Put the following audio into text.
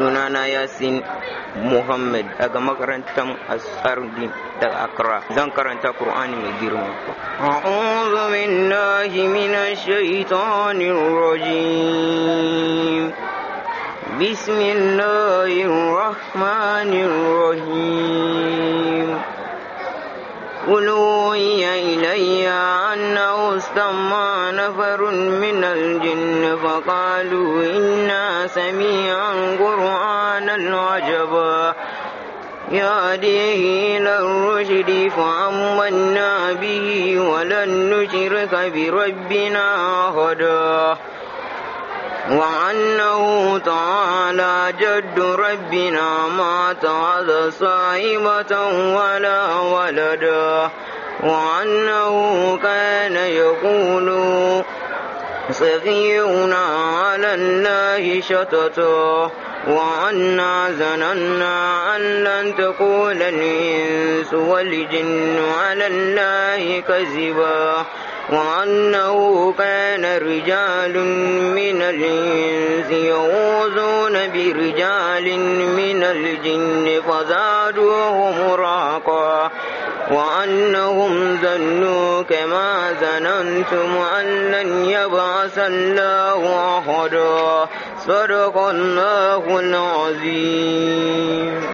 sunana yasin muhammad daga makarantar asardi da akra zan karanta Kur'ani mai girma a'udhu billahi minash shaitanir rajim bismillahir rahmanir rahim ya ilayya فاستمع نفر من الجن فقالوا إنا سميعا قرآنا عجبا يهديه إلى الرشد فآمنا به ولن نشرك بربنا أحدا وأنه تعالى جد ربنا ما تعالى صاحبة ولا ولدا وأنه كان يقول سفيهنا على الله شططا وأنا ظننا أن لن تقول الإنس والجن على الله كذبا وأنه كان رجال من الإنس يغوزون برجال من الجن فزادوهم راقا وأنهم ظنوا كما ظننتم أن لن يبعث الله أحدا صدق الله العظيم